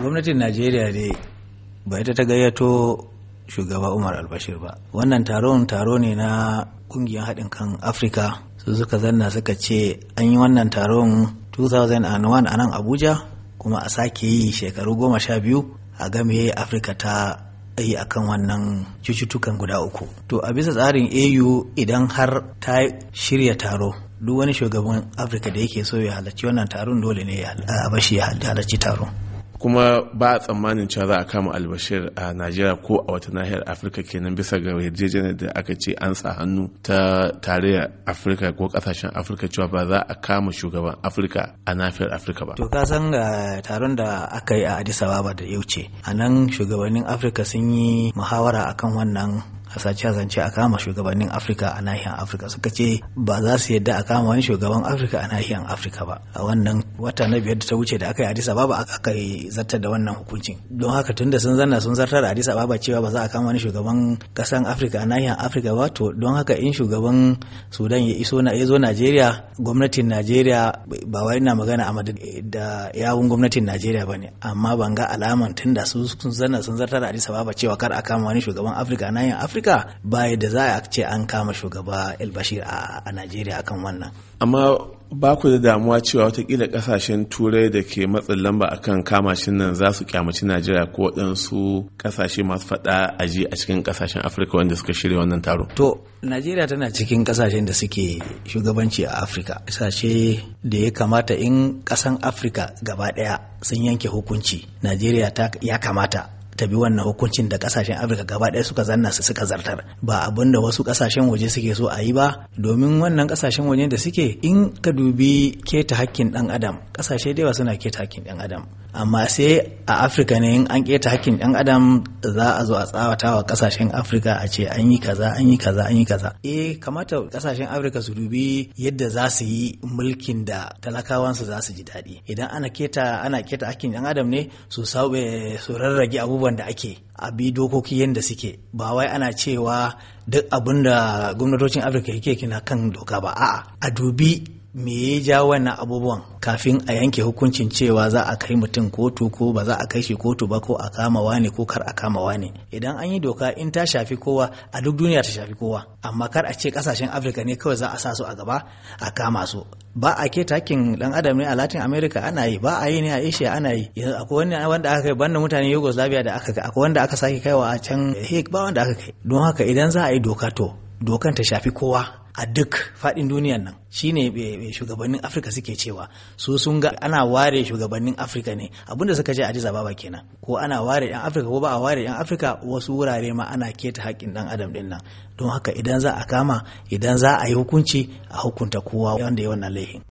gwamnatin najeriya ne ba ita ta gayyato shugaba umar albashir ba wannan taron taro ne na kungiyar haɗin kan afirka su suka zanna suka ce an yi wannan taron 2001 a nan abuja kuma a sake yi shekaru goma sha biyu a game afirka ta yi a kan wannan cututtukan guda uku to a bisa tsarin au idan har ta shirya taro duk wani shugaban afirka da yake so ya halarci wannan taron dole ne a bashi ya halarci taron kuma ba a tsammanin cewa za a kama albashir a najeriya ko a wata nahiyar afirka kenan bisa ga yarjejeniyar da aka ce an sa hannu ta tarayyar afirka ko kasashen afirka cewa ba za a kama shugaban afirka a nahiyar afirka ba to ka san eh, taron da aka yi a addis ababa da yauce a nan shugabannin afirka sun yi muhawara akan wannan a sace a zance a kama shugabannin afirka a nahiyar afirka suka ce ba za su yadda a kama wani shugaban afirka a nahiyar afirka ba a wannan wata na biyar da ta wuce da aka yi addis ababa aka yi zartar da wannan hukuncin don haka tunda sun zanna sun zartar addis ababa cewa ba za a kama wani shugaban kasan afirka a nahiyar afirka ba to don haka in shugaban sudan ya iso na ya zo najeriya gwamnatin najeriya ba wai na magana a da yawun gwamnatin najeriya ba ne amma ban ga alaman tunda sun zanna sun zartar addis ababa cewa kar a kama wani shugaban afirka a nahiyar afirka afirka baya da za a ce an kama shugaba elbashir a najeriya akan wannan amma ba ku da damuwa cewa watakila kasashen turai da ke matsin lamba akan kamashin nan za su kyamaci najeriya ko waɗansu kasashe masu faɗa aji a cikin kasashen afirka wanda suka shirya wannan taro to najeriya tana cikin kasashen da suke shugabanci a afirka kasashe da ya kamata in ƙasan afirka gaba ɗaya sun yanke hukunci najeriya ya kamata ta bi wannan hukuncin da kasashen afirka gaba ɗaya suka zanna su suka zartar ba abin da wasu kasashen waje suke so a yi ba domin wannan kasashen waje da suke in ka dubi keta hakkin ɗan adam kasashe da yawa suna keta hakkin ɗan adam amma sai a afirka ne in an keta hakkin ɗan adam za a zo a tsawata wa kasashen afirka a ce an yi kaza an yi kaza an yi kaza eh kamata kasashen afirka su dubi yadda za su yi mulkin da talakawansu za su ji daɗi idan ana keta ana keta hakkin ɗan adam ne su sau eh, su rarrage abubuwan abubuwan da ake a bi dokoki yadda suke ba wai ana cewa duk abin da gwamnatocin afirka yake kina kan doka ba a'a a dubi me ya ja wannan abubuwan kafin a yanke hukuncin cewa za a kai mutum kotu ko ba za a kai shi kotu ba ko a kama wani ko kar a kama wani idan an yi doka in ta shafi kowa a duk duniya ta shafi kowa amma kar a ce kasashen afirka ne kawai za a sa su a gaba a kama su ba a ke takin dan adam ne a latin america ana yi ba a yi ne a asia ana yi akwai wani wanda aka kai banda mutane yugoslavia da aka kai akwai wanda aka sake kaiwa a can hek ba wanda aka kai don haka idan za a yi doka to dokan ta shafi kowa a duk faɗin duniyan nan shi shine shugabannin afirka suke cewa su sun ga ana ware shugabannin afirka ne abinda suka je ji zababa kenan ko ana ware yan afirka ko ba a ware yan afirka wasu wurare ma ana keta haƙƙin ɗan adam din nan don haka idan za a kama idan za a yi hukunci a hukunta kowa wanda ya wannan laihin